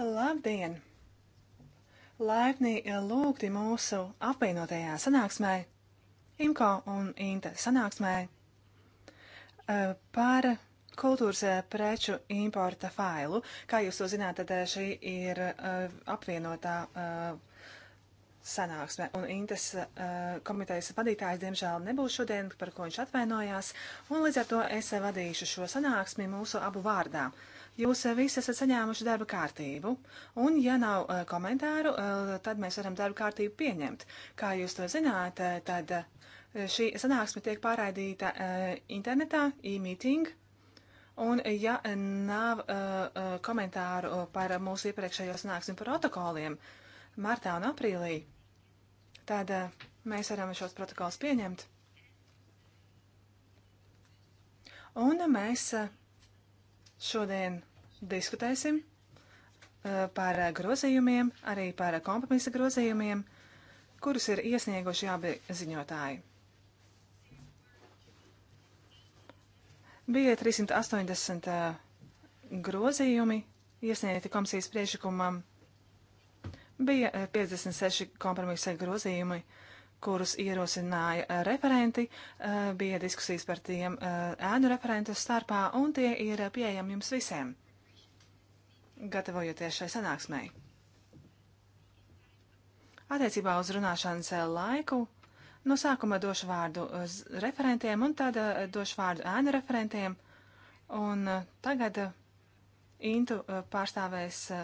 Labdien! Laipni lūgti mūsu apvienotajā sanāksmē, IMCO un INTA sanāksmē eh, par kultūras eh, preču importa failu. Kā jūs to zināt, tad eh, šī ir apvienotā sanāksme. Un Intas komitejas vadītājs, diemžēl, nebūs šodien, par ko viņš atvainojās. Un līdz ar to es vadīšu šo sanāksmi mūsu abu vārdā. Uh, Jūs eh, visi esat saņēmuši darba kārtību, un ja nav eh, komentāru, eh, tad mēs varam darba kārtību pieņemt. Kā jūs to zināt, tad šī sanāksme tiek pārraidīta internetā, e-meeting, un ja nav komentāru par mūsu iepriekšējo sanāksmi protokoliem martā un aprīlī, tad mēs varam šos protokols pieņemt. Un mēs Šodien diskutēsim eh, par grozījumiem, arī par kompromisa grozījumiem, kurus ir iesnieguši abi ziņotāji. Bija 380 eh, grozījumi iesniegti komisijas priekšlikumam, bija 56 eh, kompromisa grozījumi, uh, kurus ierosināja eh, referenti, eh, bija diskusijas par tiem eh, ēnu referentu starpā, un tie ir pieejami jums visiem, gatavojoties šai sanāksmai. Attiecībā uz runāšanas laiku no sākuma došu vārdu referentiem, un tad došu vārdu ēnu referentiem, un tagad Intu pārstāvēs uh,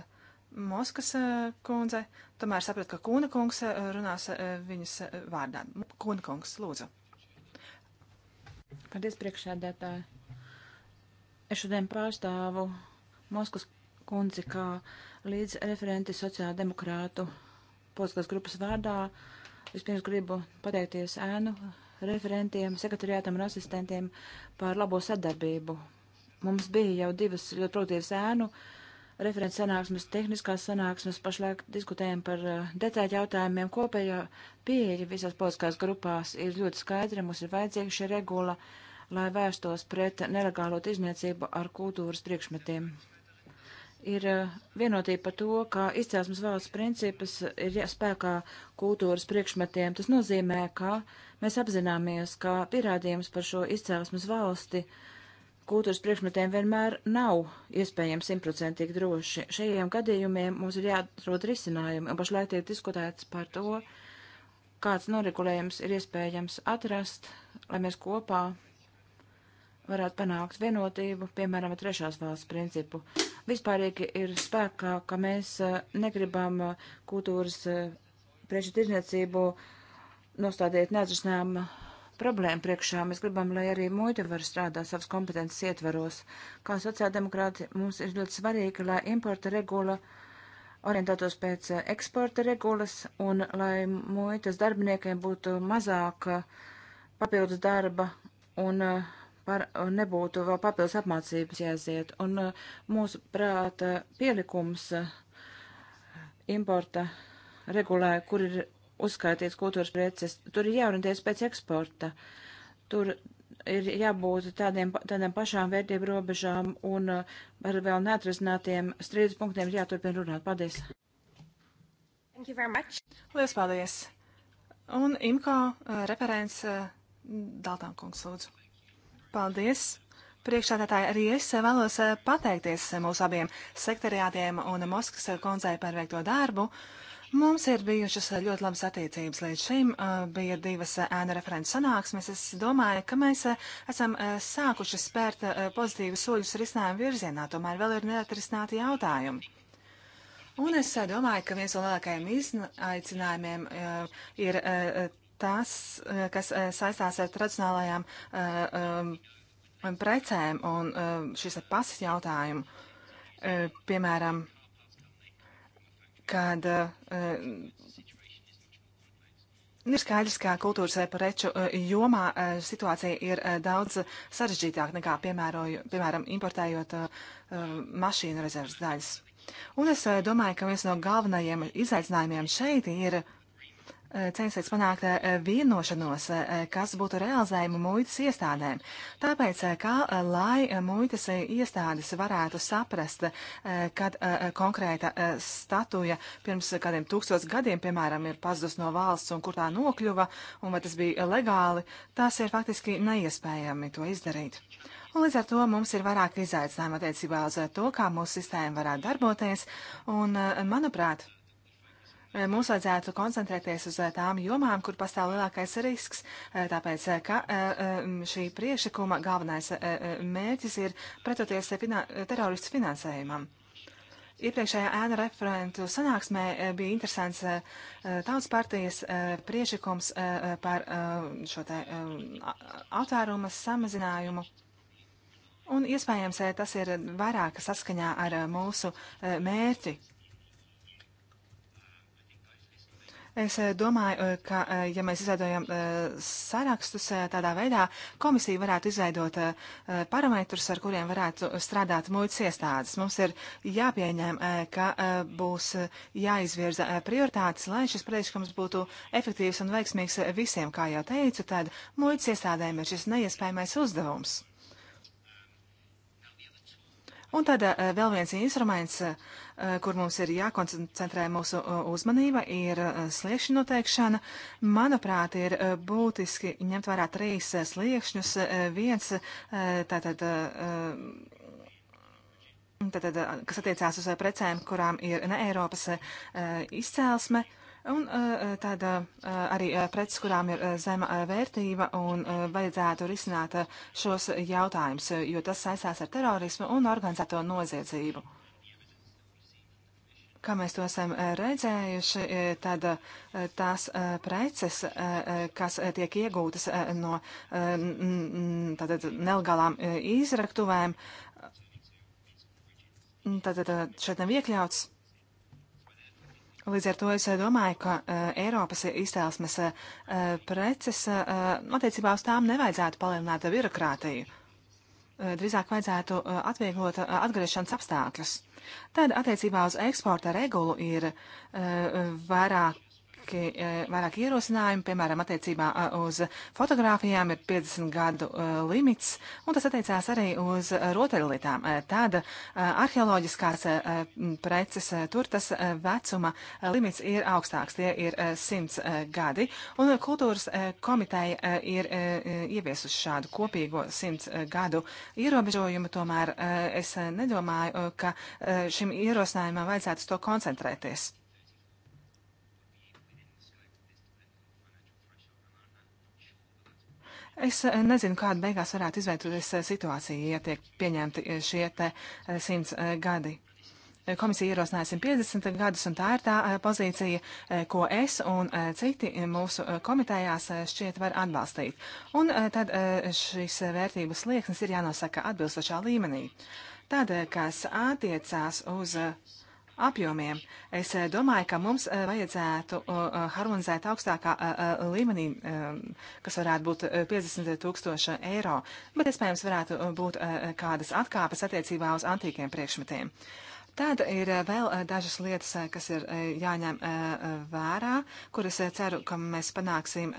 Moskas eh, kundze, tomēr sapratu, ka Kūna kungs eh, runās eh, viņas vārdā. Kūna kungs, lūdzu. Paldies, priekšsēdētāji. Es šodien pārstāvu Moskas kundzi kā līdz referenti sociāldemokrātu poskas grupas vārdā. Vispirms gribu pateikties ēnu referentiem, sekretariātam un asistentiem par labo sadarbību. Mums bija jau divas ļoti produktīvas ēnu referentu referents sanāksmes, tehniskās sanāksmes. Pašlaik diskutējam par eh, detaļu jautājumiem. Kopējā pieeja visās politiskās grupās ir ļoti skaidra. Mums ir vajadzīga šī regula, lai vērstos pret nelegālo izniecību ar kultūras priekšmetiem. Ir eh, vienotība par to, ka izcelsmes valsts principus ir spēkā kultūras priekšmetiem. Tas nozīmē, ka mēs apzināmies, ka pierādījums par šo izcelsmes valsti uh, kultūras priekšmetiem vienmēr nav iespējams simtprocentīgi droši. Šajiem gadījumiem mums ir jāatrod risinājumi, un pašlaik tiek diskutēts par to, kāds noregulējums ir iespējams atrast, lai mēs kopā varētu panākt vienotību, piemēram, ar trešās valsts principu. Vispārīgi ir spēkā, ka mēs eh, negribam eh, kultūras eh, preču tirniecību nostādīt neatrisinām problēma priekšā. Mēs gribam, lai arī muita var strādāt savas kompetences ietvaros. Kā sociāldemokrāti mums ir ļoti svarīgi, lai importa regula orientētos pēc eh, eksporta regulas un lai muitas darbiniekiem būtu mazāk papildus darba un eh, par, nebūtu vēl papildus apmācības jāiziet. Un eh, mūsu prāta pielikums importa regulē, kur ir uzskaitīts kultūras preces, tur ir jārunties pēc eksporta. Tur ir jābūt tādiem, tādiem pašām vērtību robežām un par uh, vēl neatrisinātiem strīdus punktiem ir jāturpina runāt. Paldies! Thank you very much! Lielas paldies! Un IMCO uh, referents uh, Daltānkungs lūdzu. Paldies! Priekšstādātāji, arī es uh, vēlos uh, pateikties mūsu abiem sekretariātiem un Moskvas koncei par veikto darbu. Uh, Mums ir bijušas eh, ļoti labas attiecības līdz šim. Eh, bija divas eh, ēna referents sanāksmes. Es domāju, ka mēs esam sākuši spērt pozitīvas soļus risinājumu virzienā, tomēr vēl ir neatrisināti jautājumi. Un es domāju, ka viens no lielākajiem izaicinājumiem ir tas, kas saistās ar tradicionālajām precēm un šis pasis jautājumu. Piemēram, kad eh, ir skaidrs, ka kultūras eh, preču eh, jomā situācija ir daudz sarežģītāka nekā, piemēram, importējot mašīnu rezerves daļas. Un es domāju, ka viens no galvenajiem izaicinājumiem šeit ir Eh, censies panākt eh, vienošanos, eh, kas būtu realizējama muitas iestādēm. Tāpēc, kā lai muitas iestādes varētu saprast, kad konkrēta statuja pirms kādiem tūkstots gadiem, piemēram, ir pazudus no valsts un kur tā nokļuva, un vai tas bija legāli, tas ir faktiski neiespējami to izdarīt. Un līdz ar to mums ir vairāk izaicinājumu attiecībā uz to, kā mūsu sistēma varētu darboties, un, manuprāt, Eh, mums vajadzētu koncentrēties uz eh, tām jomām, kur pastāv lielākais risks, eh, tāpēc, ka šī priešakuma galvenais mērķis ir pretoties finā teroristu finansējumam. Iepriekšējā ēna referentu sanāksmē bija interesants tautas partijas priešakums par šo te atvērumu samazinājumu. Un iespējams, tas ir vairāk saskaņā ar mūsu mērķi Es eh, domāju, eh, ka, eh, ja mēs izveidojam sarakstus tādā veidā, komisija varētu izveidot parametrus, ar kuriem varētu strādāt muitas iestādes. Mums ir jāpieņem, ka būs jāizvirza prioritātes, lai šis priekšlikums būtu efektīvs un veiksmīgs visiem, kā jau teicu, tad muitas iestādēm ir šis neiespējamais uzdevums. Un tad eh, vēl viens instruments, eh, kur mums ir jākoncentrē mūsu eh, uzmanība, ir sliekšņa noteikšana. Manuprāt, ir būtiski ņemt vērā trīs sliekšņus. Viens, tātad, tātad, kas attiecās uz precēm, kurām ir ne Eiropas izcēlesme. Uh, Un uh, uh, tāda uh, arī preces, kurām ir zema vērtība, un vajadzētu risināt šos jautājumus, jo tas saistās ar terorismu un organizēto noziedzību. Kā mēs to esam redzējuši, tad tās preces, kas tiek iegūtas no tātad, nelegālām izraktuvēm, tātad šeit nav iekļauts Līdz ar to es eh, domāju, ka uh, Eiropas izcelsmes uh, preces uh, attiecībā uz tām nevajadzētu palielināt birokrātiju. Uh, drīzāk vajadzētu uh, atvieglot uh, atgriešanas apstākļus. Tad attiecībā uz eksporta regulu ir uh, vairāk vairāki, e, vairāki ierosinājumi, piemēram, attiecībā e, uz fotografijām ir 50 gadu e, limits, un tas attiecās arī uz rotaļlietām. Tāda arheoloģiskās preces, tur tas vecuma limits ir augstāks, tie ir 100 gadi, un kultūras komiteja ir ieviesusi šādu kopīgo 100 gadu ierobežojumu, tomēr es nedomāju, ka šim ierosinājumam vajadzētu uz to koncentrēties. Es eh, nezinu, kāda beigās varētu izveidoties eh, situācija, ja tiek pieņemti eh, šie te simts gadi. Komisija ierosināja 150 gadus, un tā ir tā pozīcija, ko es un citi mūsu komitējās šķiet var atbalstīt. Un tad šis vērtības slieksnis ir jānosaka atbilstošā līmenī. Tad, kas attiecās uz uh, apjomiem. Es eh, domāju, ka mums eh, vajadzētu harmonizēt augstākā eh, līmenī, kas varētu būt 50 tūkstoši eiro, bet iespējams varētu būt kādas atkāpes attiecībā uz antīkiem priekšmetiem. Tad ir vēl dažas lietas, kas ir jāņem vērā, kuras ceru, ka mēs panāksim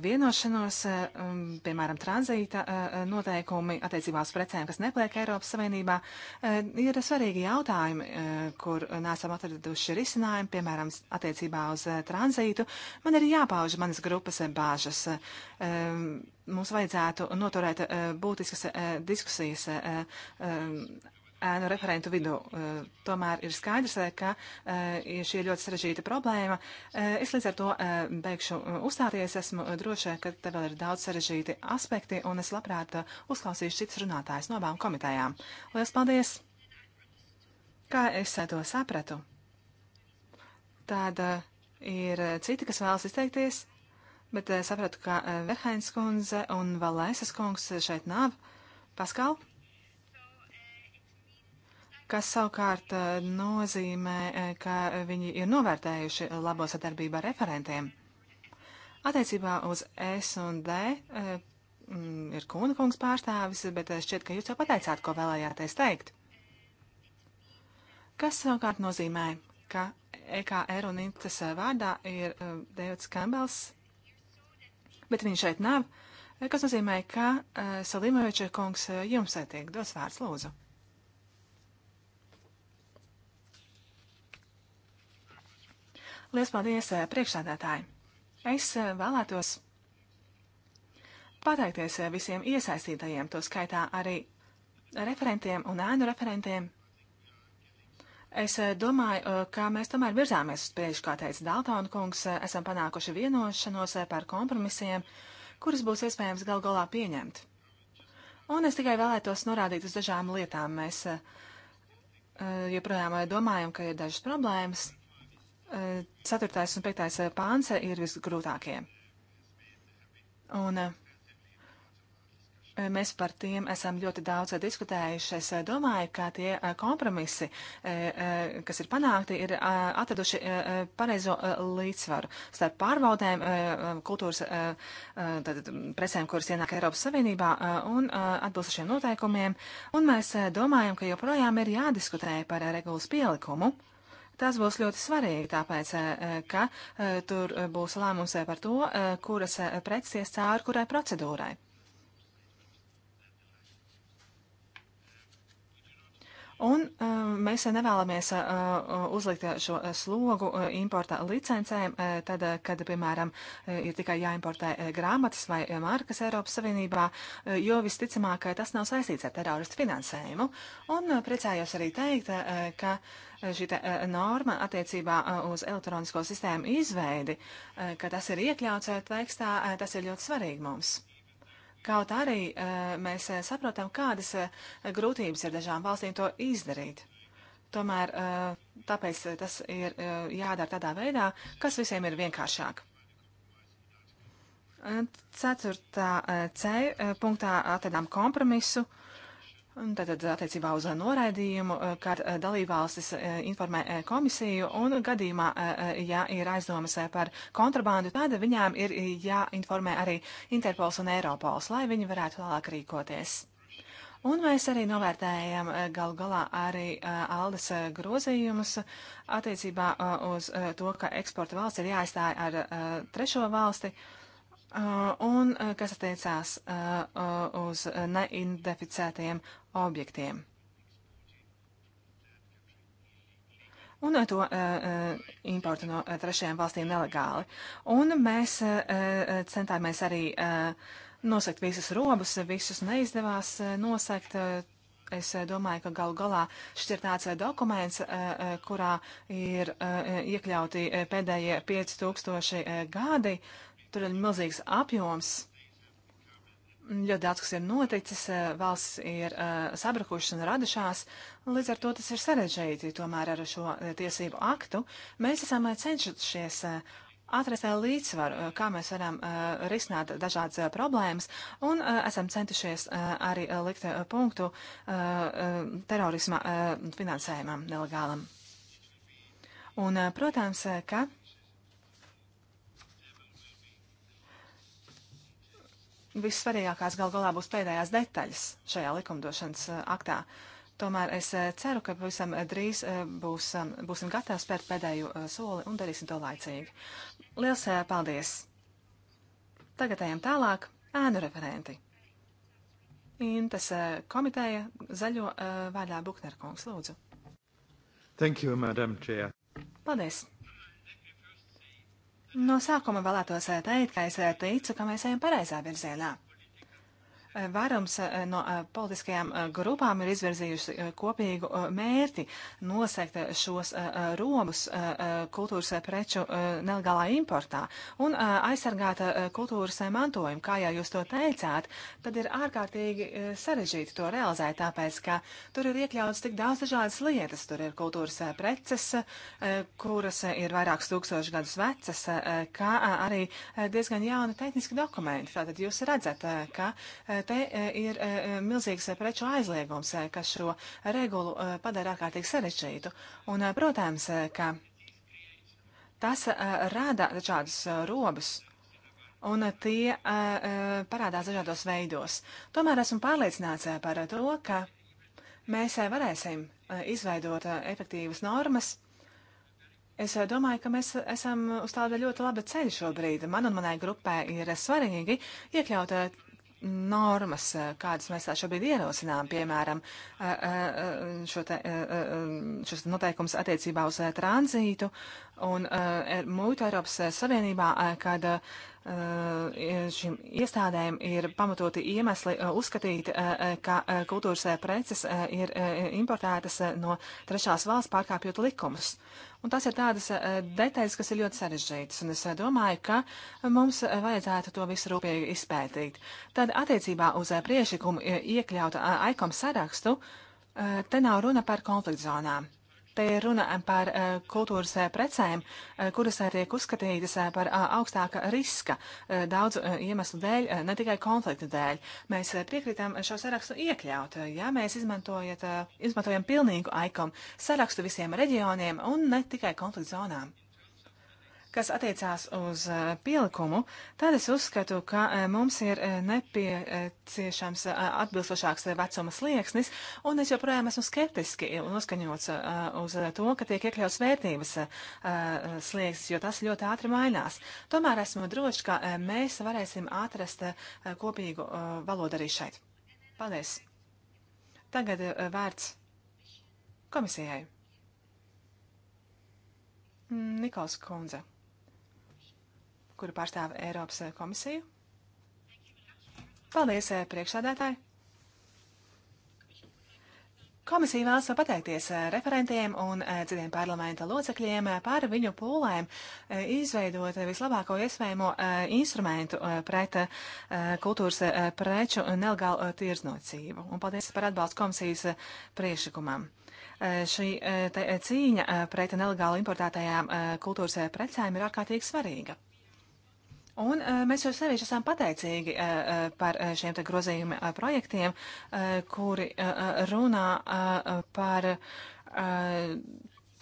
vienošanos, um, piemēram, tranzīta uh, noteikumi attiecībā uz precēm, kas nepaliek Eiropas Savienībā, uh, ir svarīgi jautājumi, uh, kur nesam atraduši risinājumu, piemēram, attiecībā uz tranzītu. Man ir jāpauž manas grupas bāžas. Um, mums vajadzētu noturēt būtiskas diskusijas um, ēnu referentu vidū. Eh, tomēr ir skaidrs, eh, ka eh, šī ir ļoti sarežģīta problēma. Es līdz ar to beigšu uzstāties. Esmu droša, ka te vēl ir daudz sarežģīti aspekti, un es labprāt uzklausīšu citas runātājas no abām komitējām. Lielas paldies! Kā es to sapratu? Tad ir citi, kas vēlas izteikties, bet sapratu, ka Verhains kundze un Valēsas kungs šeit nav. Paskal? kas savukārt eh, nozīmē, eh, ka viņi ir novērtējuši labo sadarbību ar referentiem. Attiecībā uz S un D eh, mm, ir Kūna kungs pārstāvis, bet šķiet, ka jūs jau pateicāt, ko vēlējāties teikt. Kas savukārt nozīmē, ka EKR un Intas vārdā ir Dēvids Kambels, bet viņš šeit nav, kas nozīmē, ka Salimoviča kungs jums tiek dos vārds lūdzu. Lielas paldies, eh, priekšsādātāji! Es eh, vēlētos pateikties eh, visiem iesaistītajiem, to skaitā arī referentiem un ēnu referentiem. Es domāju, ka mēs tomēr virzāmies uz priekšu, kā teica Daltona kungs, esam panākuši vienošanos par kompromisiem, kurus būs iespējams gal galā pieņemt. Un es tikai vēlētos norādīt uz dažām lietām. Mēs joprojām domājam, ka ir dažas problēmas, 4. un 5. Eh, pāns eh, ir visgrūtākie. Un eh, mēs par tiem esam ļoti daudz diskutējuši. Es domāju, ka tie kompromisi, kas ir panākti, ir atraduši pareizo līdzsvaru starp pārbaudēm, kultūras tad, presēm, kuras ienāk Eiropas Savienībā un atbilstošiem noteikumiem. Un mēs domājam, ka joprojām ir jādiskutē par regulas pielikumu. Tas būs ļoti svarīgi, tāpēc, eh, ka eh, tur eh, būs lēmums par to, kuras preces ies cauri kurai procedūrai. Un uh, mēs nevēlamies uh, uh, uzlikt šo slogu importa licencēm, tad, kad, piemēram, ir tikai jāimportē grāmatas vai markas Eiropas Savienībā, jo visticamāk tas nav saistīts ar teroristu finansējumu. Un priecājos arī teikt, ka šī norma attiecībā uz elektronisko sistēmu izveidi, ka tas ir iekļauts tekstā, tas ir ļoti svarīgi mums. Kaut arī eh, mēs eh, saprotam, kādas eh, grūtības ir dažām valstīm to izdarīt. Tomēr tāpēc tas ir jādara tādā veidā, kas visiem ir vienkāršāk. Ceturtā C punktā atradām kompromisu, uh, Tātad attiecībā uz noraidījumu, eh, kad eh, dalībvalstis eh, informē komisiju un gadījumā, ja ir aizdomas par kontrabandu, tad viņām ir jāinformē arī Interpols un Eiropols, lai viņi varētu tālāk rīkoties. Un mēs arī novērtējam galu galā arī Aldas grozījumus attiecībā uz to, ka eksporta valsts ir jāaizstāja ar trešo valsti. Uh, Uh, un uh, kas attiecās uh, uz neidentificētajiem objektiem. un to uh, importu no trešajām valstīm nelegāli. Un mēs uh, centāmies arī uh, nosakt visus robus, visus neizdevās nosakt. Es domāju, ka galu galā šis ir tāds dokuments, kurā ir iekļauti pēdējie 5000 gadi. Uh, Tur ir milzīgs apjoms. Ļoti daudz, kas ir noticis, eh, valsts ir uh, sabrukušas un radušās, un līdz ar to tas ir sarežģīti. Tomēr ar šo eh, tiesību aktu mēs esam cenšušies uh, atrast līdzsvaru, uh, kā mēs varam risināt dažādas problēmas, un esam centušies arī likt punktu terorisma finansējumam nelegālam. Un, protams, ka vissvarīgākās gal galā būs pēdējās detaļas šajā likumdošanas eh, aktā. Tomēr es eh, ceru, ka pavisam eh, drīz būs, būsim gatavi spērt pēdējo soli un darīsim to laicīgi. Liels paldies! Tagad ejam tālāk. Ēnu referenti. Intas komiteja zaļo vārdā Buknerkungs, lūdzu. Thank you, Madam Chair. Paldies! No sākuma vēlētos eh, teikt, ka es eh, ticu, ka mēs ejam pareizā virzienā. Vairums eh, no eh, politiskajām eh, grupām ir izvirzījusi kopīgu mērķi nosegt šos romus kultūras preču nelegālā importā un aizsargāt kultūras mantojumu. Kā jau jūs to teicāt, tad ir ārkārtīgi sarežģīti to realizēt, tāpēc, ka tur ir iekļauts tik daudz dažādas lietas. Tur ir kultūras preces, kuras ir vairākas tūkstoši gadus vecas, kā arī diezgan jauni tehniski dokumenti. Tātad jūs redzat, ka te eh, ir eh, eh, milzīgs preču aizliegums, kas šo regulu padara ārkārtīgi sarežģītu. Un, protams, ka tas rada šādas robas. Un tie parādās dažādos veidos. Tomēr esmu pārliecināts par to, ka mēs varēsim izveidot efektīvas normas. Es domāju, ka mēs esam uz tāda ļoti laba ceļa šobrīd. Man un manai grupai ir svarīgi iekļaut normas, eh, kādas mēs šobrīd ierosinām, piemēram, eh, eh, šo te, šos noteikums attiecībā uz tranzītu un muitu Eiropas Savienībā, kad Eh, eh, šīm iestādēm ir pamatoti iemesli eh, uzskatīt, ka kultūras preces ir importētas no trešās valsts pārkāpjot likumus. Un tas ir tādas detaļas, kas ir ļoti sarežģītas, un es domāju, ka mums vajadzētu to visu rūpīgi izpētīt. Tad attiecībā uz priešlikumu iekļautu aikom sarakstu, te nav runa par konflikt zonām. Te ir runa par eh, kultūras eh, precēm, eh, kuras tiek uzskatītas par augstāka riska daudzu iemeslu dēļ, ne tikai konflikta dēļ. Mēs piekrītam šo sarakstu iekļaut, ja mēs izmantojam pilnīgu aikomu sarakstu visiem reģioniem un ne tikai konflikta zonām. Kas attiecās uz eh, pielikumu, tad es uzskatu, ka eh, mums ir eh, nepieciešams atbilstošāks vecuma slieksnis, un es joprojām esmu skeptiski noskaņots uz to, ka tiek iekļauts vērtības slieksnis, jo tas ļoti ātri mainās. Tomēr esmu drošs, ka mēs varēsim atrast kopīgu valodu arī šeit. Paldies! Tagad vērts komisijai. Mm, Nikols Kunze kuru pārstāv Eiropas eh, komisiju. Paldies, eh, priekšsādātāji! Komisija vēlas pateikties eh, referentiem un citiem parlamenta locekļiem par viņu pūlēm izveidot vislabāko iespējamo instrumentu pret kultūras preču nelegālu tirdzniecību. Un paldies par atbalstu komisijas priešakumam šī te, cīņa pret nelegāli importētajām kultūras precēm ir ārkārtīgi svarīga. Un eh, mēs jau sevišķi esam pateicīgi eh, eh, par šiem te grozījuma projektiem, kuri runā par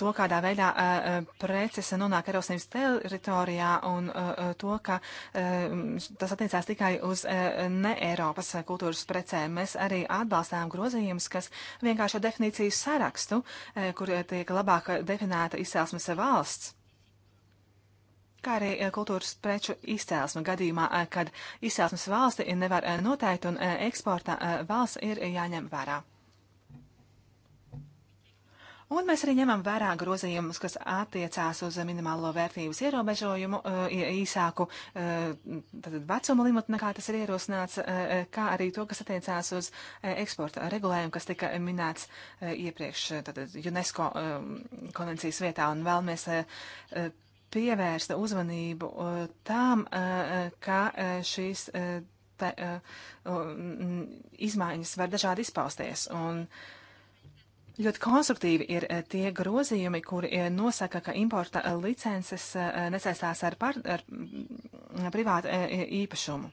to, kādā veidā preces nonāk Eiropas Savienības teritorijā un to, ka tas attiecās tikai uz ne Eiropas kultūras precēm. Mēs arī atbalstām grozījumus, kas vienkāršo definīciju sarakstu, kur tiek labāk definēta izcelsmes valsts kā arī eh, kultūras preču izcēlesme gadījumā, eh, kad izcēlesmes valsti nevar eh, noteikt un eksporta valsts ir jāņem vērā. Un mēs arī ņemam vērā grozījumus, kas attiecās uz minimālo vērtības ierobežojumu, īsāku vecumu limitu nekā tas ir ierosināts, kā arī to, kas attiecās uz eksporta regulējumu, kas tika minēts iepriekš tātad, UNESCO konvencijas vietā. Un vēlamies pievērsta uzmanību uh, tām, uh, uh, kā šīs te, mm, izmaiņas var dažādi izpausties. Un ļoti konstruktīvi ir tie grozījumi, kuri nosaka, ka importa licences nesaistās ar, par, ar mm, privātu īpašumu.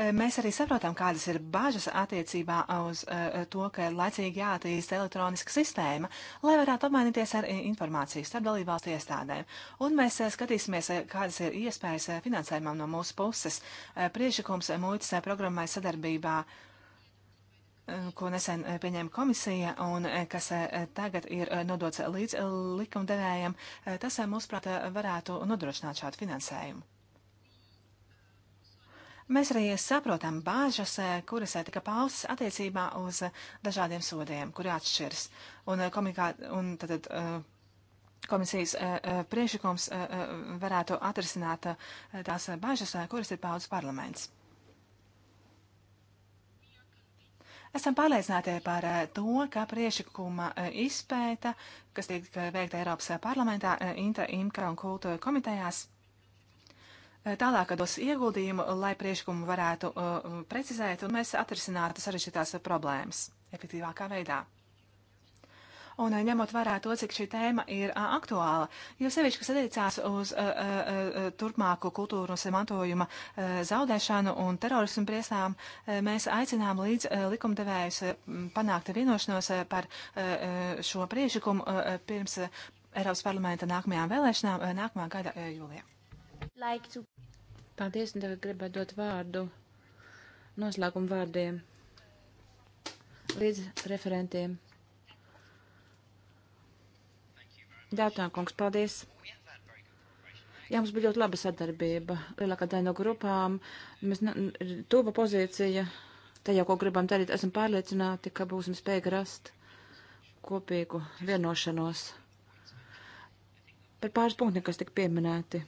Eh, mēs arī saprotam, kādas ir bažas attiecībā uz eh, to, ka ir laicīgi jāattīst elektroniska sistēma, lai varētu apmainīties ar eh, informāciju starp dalībvalstu iestādēm. Un mēs skatīsimies, kādas ir iespējas finansējumam no mūsu puses. Priešakums muitas programmai sadarbībā ko nesen pieņēma komisija un kas tagad ir nodots līdz likumdevējiem, tas, mūsuprāt, varētu nodrošināt šādu finansējumu. Mēs arī saprotam bāžas, eh, kuras eh, tika paustas attiecībā uz eh, dažādiem sodiem, kuri atšķiras. Un, komikā, un tad, komisijas priekšlikums varētu atrisināt tās bāžas, kuras ir paudz parlaments. Esam pārliecināti par to, ka priešakuma izpēta, kas tiek veikta Eiropas parlamentā, Inta, Imka un Kultūra komitejās, Eh, tālāk dos ieguldījumu, lai priekšlikumu varētu uh, precizēt un mēs atrisinātu sarežģītās problēmas efektīvākā veidā. Un eh, ņemot vērā to, cik šī tēma ir uh, aktuāla, jo sevišķi, kas attiecās uz uh, turpmāku kultūras mantojuma zaudēšanu un terorismu priesām, mēs aicinām līdz likumdevējus panākt vienošanos par šo priekšlikumu pirms Eiropas parlamenta nākamajām vēlēšanām nākamā gada jūlijā like to... Paldies, un tagad gribētu dot vārdu noslēgumu vārdiem līdz referentiem. Dātām kungs, paldies! Jā, mums bija ļoti laba sadarbība. Lielākā daļa no grupām mēs nu, tuva pozīcija. Tajā, ko gribam darīt, esam pārliecināti, ka būsim spējīgi rast kopīgu vienošanos. Par pāris punktiem, kas tik pieminēti.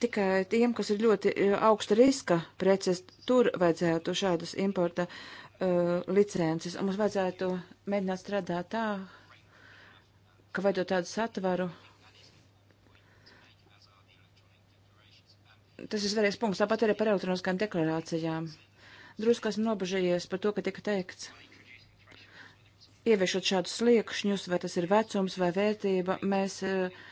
tikai tiem, kas ir ļoti e, augsta riska preces, tur vajadzētu šādas importa uh, licences. Un mums vajadzētu mēģināt strādāt tā, ka vajadzētu tādu satvaru. Tas ir svarīgs punkts, tāpat arī par elektroniskām deklarācijām. Drusku esmu nobežījies par to, ka tika teikts. Ieviešot šādus sliekšņus, vai tas ir vecums vai vērtība, mēs uh,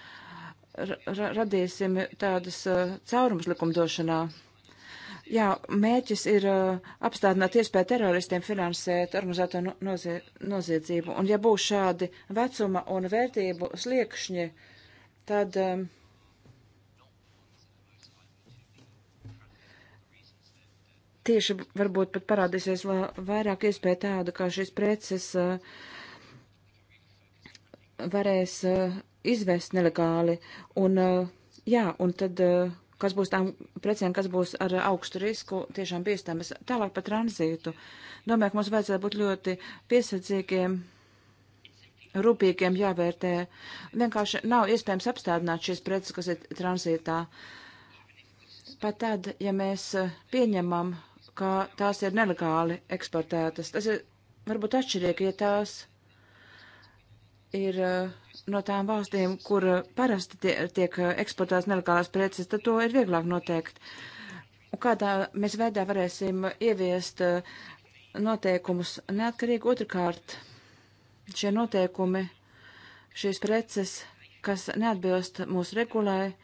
ra radīsim tādas uh, caurumus likumdošanā. Jā, mēķis ir uh, apstādināt iespēju teroristiem finansēt organizēto no nozie noziedzību. Un ja būs šādi vecuma un vērtību sliekšņi, tad. Um, Tieši varbūt pat parādīsies vairāk iespēja tāda, kā šīs preces uh, varēs uh, izvest nelegāli. Un, eh, jā, un tad, eh, kas būs tām precēm, kas būs ar augstu risku, tiešām bīstamas. Tālāk par tranzītu. Domāju, ka mums vajadzētu būt ļoti piesardzīgiem rūpīgiem jāvērtē. Vienkārši nav iespējams apstādināt šīs preces, kas ir tranzītā. Pat tad, ja mēs eh, pieņemam, ka tās ir nelegāli eksportētas, tas ir varbūt atšķirīgi, ja tās ir no tām valstīm, kur parasti tie, tiek eksportētas nelegālās preces, tad to ir vieglāk noteikt. Un kādā mēs veidā varēsim ieviest eh, noteikumus neatkarīgi otrkārt šie noteikumi, šīs preces, kas neatbilst mūsu regulai,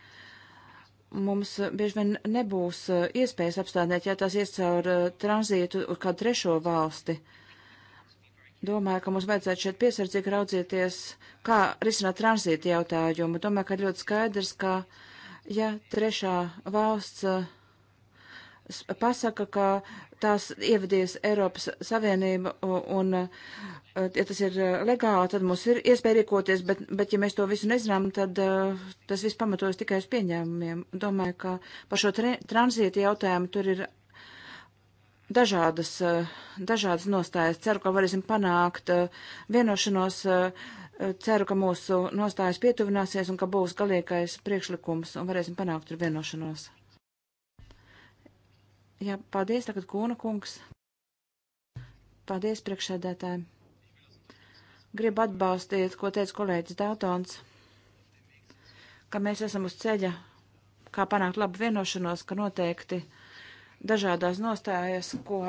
mums bieži vien nebūs eh, iespējas apstādēt, ja tās ies caur eh, tranzītu uz kādu trešo valsti. Uh, Domāju, ka mums vajadzētu šeit piesardzīgi raudzieties, kā risināt tranzīta jautājumu. Domāju, ka ļoti skaidrs, ka, ja trešā valsts eh, pasaka, ka tās ievadies Eiropas Savienība un, un eh, ja tas ir eh, legāli, tad mums ir iespēja rīkoties, bet, bet ja mēs to visu nezinām, tad tas viss pamatojas tikai uz pieņēmumiem. Domāju, ka par šo tranzīti jautājumu tur ir dažādas, eh, dažādas nostājas. Ceru, ka varēsim panākt eh, vienošanos. Eh, ceru, ka mūsu nostājas pietuvināsies un ka būs galīgais priekšlikums un varēsim panākt tur vienošanos. Jā, paldies, tagad Kūna kungs. Paldies priekšsēdētājiem. Gribu atbalstīt, ko teica kolēģis Daltons, ka mēs esam uz ceļa, kā panākt labu vienošanos, ka noteikti dažādās nostājas, ko,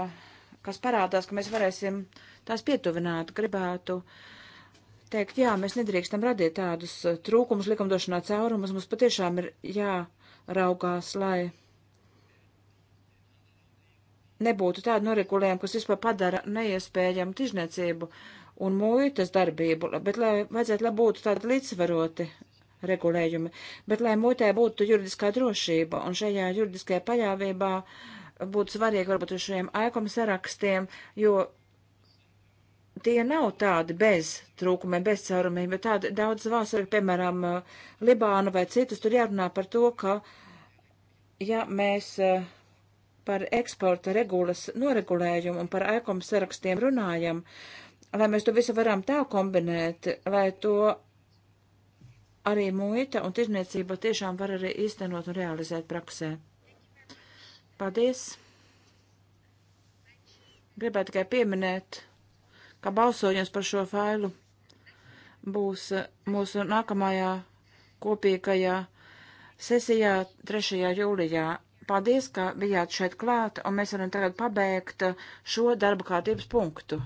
kas parādās, ka mēs varēsim tās pietuvināt, gribētu teikt, jā, mēs nedrīkstam radīt tādus trūkumus likumdošanā caurumus, mums patiešām ir jāraugās, lai nebūtu tādu noregulējumu, kas vispār padara neiespējamu tižniecību un muitas darbību, bet lai vajadzētu, lai būtu tādi līdzsvaroti regulējumi, bet lai muitē būtu juridiskā drošība un šajā juridiskajā paļāvībā uh, būtu svarīgi varbūt uz šiem aikuma sarakstiem, jo tie nav tādi bez trūkumiem, bez caurumiem, bet tādi daudz valsts, piemēram, eh, Libāna vai citas, tur jārunā par to, ka, ja mēs eh, par eksporta regulas noregulējumu un par aikuma sarakstiem runājam, lai mēs to visu varam tā kombinēt, lai to arī muita un tirzniecība tiešām var arī īstenot un realizēt praksē. Paldies! Gribētu tikai pieminēt, ka balsojums par šo failu būs eh, mūsu nākamajā kopīgajā sesijā 3. jūlijā. Paldies, ka bijāt šeit klāt, un mēs varam tagad pabeigt šo darba kārtības punktu.